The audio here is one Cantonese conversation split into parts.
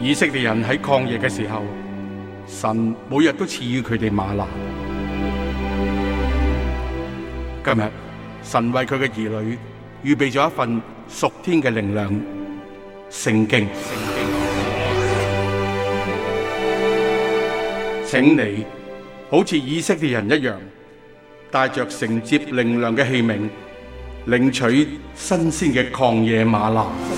以色列人在曠野的時候，神每日都賜予他們嗎哪。今日神為他的兒女預備了一份屬天的靈糧聖經。聖經請你好像以色列人一樣，帶着承接靈糧的器皿，領取新鮮的曠野嗎哪。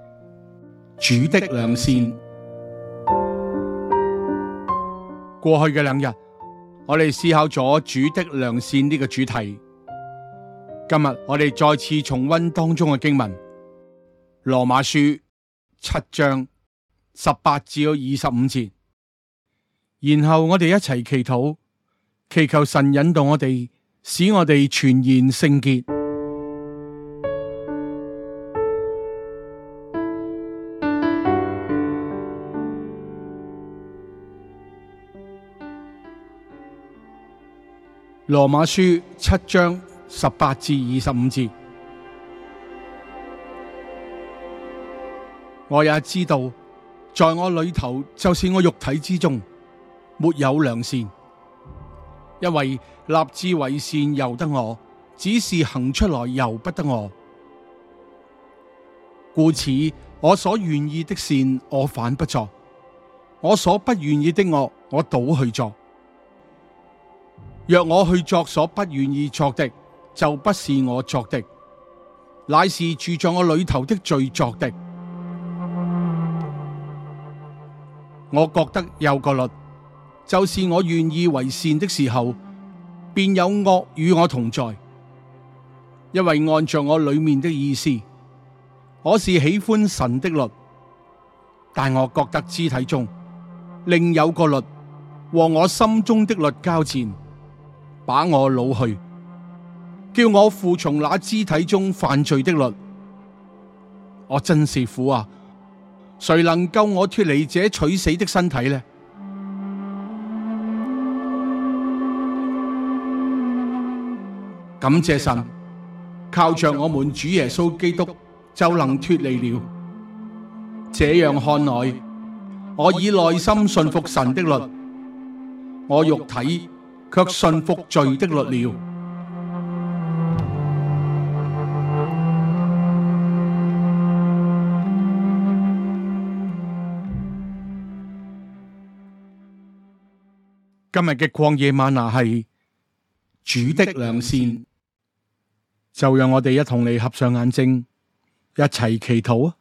主的良善，過去嘅兩日，我哋思考咗主的良善呢個主題。今日我哋再次重溫當中嘅經文《羅馬書》七章十八至到二十五節，然後我哋一齊祈禱，祈求神引導我哋，使我哋全然聖潔。羅馬書七章十八至二十五節，我也知道，在我裏頭就是我肉體之中沒有良善，因為立志為善由得我，只是行出來由不得我。故此，我所願意的善我反不作，我所不願意的惡我，我倒去作。若我去作所不願意作的，就不是我作的，乃是住在我裏頭的罪作的。我覺得有個律，就是我願意為善的時候，便有惡與我同在，因為按着我裏面的意思，我是喜歡神的律，但我覺得肢體中另有個律，和我心中的律交戰。把我擄去，叫我附從那肢體中犯罪的律，我真是苦啊！誰能救我脫離這取死的身體呢？感謝神，靠着我們主耶穌基督就能脫離了。這樣看來，我以內心信服神的律，我肉體，卻信服罪的律了。今日嘅曠野嗎哪是主的良善，就讓我哋一同嚟，合上眼睛，一齊祈禱。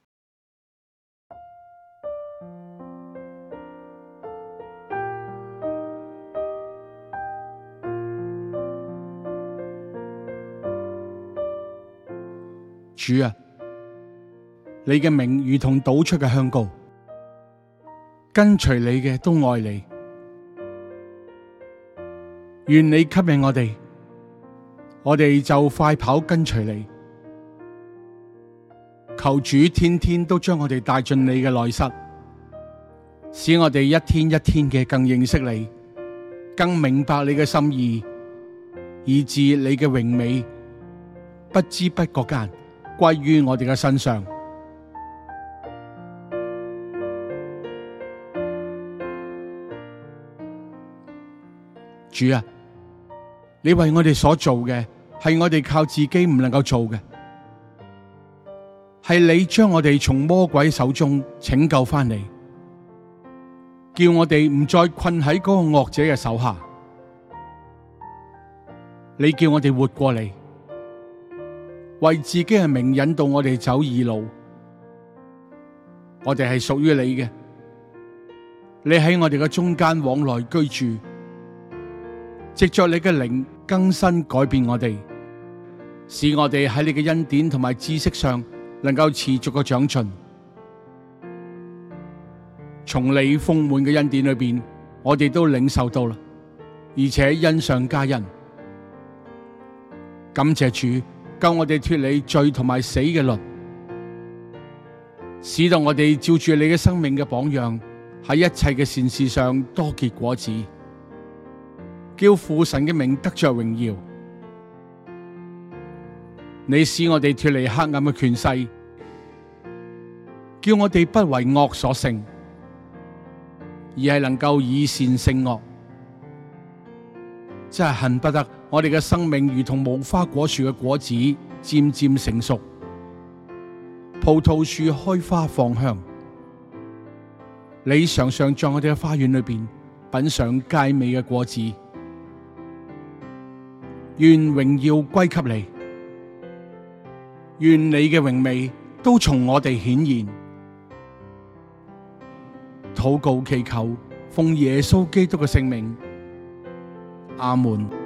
主啊，你嘅名如同倒出嘅香膏，跟隨你嘅都愛你。願你吸引我哋，我哋就快跑跟隨你。求主天天都將我哋帶進你嘅內室，使我哋一天一天嘅更認識你，更明白你嘅心意，以致你嘅榮美不知不覺間。歸於我哋嘅身上，主啊，你為我哋所做嘅係我哋靠自己唔能夠做嘅，係你將我哋從魔鬼手中拯救翻嚟，叫我哋唔再困喺嗰個惡者嘅手下，你叫我哋活過嚟。為自己嘅名引導我哋走義路，我哋係屬於你嘅。你喺我哋嘅中間往來居住，藉着你嘅靈更新改變我哋，使我哋喺你嘅恩典同埋知識上能夠持續嘅長進。從你豐滿嘅恩典裏邊，我哋都領受到啦，而且恩上加恩。感謝主。救我哋脫離罪同埋死嘅律，使到我哋照住你嘅生命嘅榜樣，喺一切嘅善事上多結果子，叫父神嘅名得着榮耀。你使我哋脫離黑暗嘅權勢，叫我哋不為惡所勝，而係能夠以善勝惡，真係恨不得。我哋嘅生命如同無花果樹嘅果子漸漸成熟，葡萄樹開花放香。你常常在我哋嘅花園裏邊品嘗佳美嘅果子，願榮耀歸給你，願你嘅榮美都從我哋顯現。禱告祈求，奉耶穌基督嘅聖名，阿門。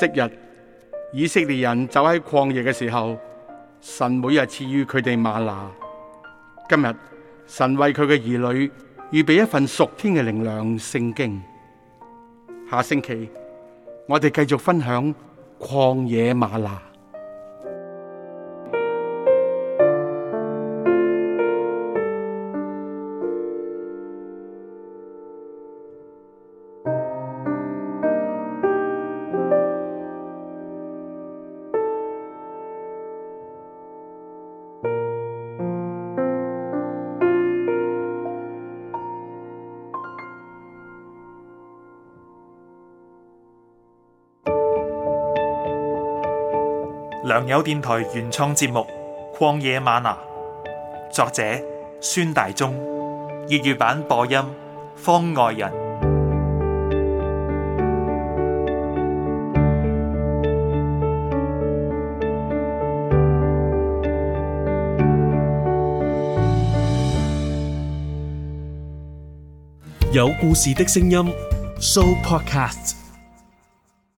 昔日以色列人走喺曠野嘅時候，神每日賜予佢哋嗎哪。今日神為佢嘅兒女預備一份屬天嘅靈糧——聖經。下星期我哋繼續分享曠野嗎哪。良友電台原創節目《曠野嗎哪》，作者孫大中，粵語版播音方外人，有故事的聲音，Show Podcast。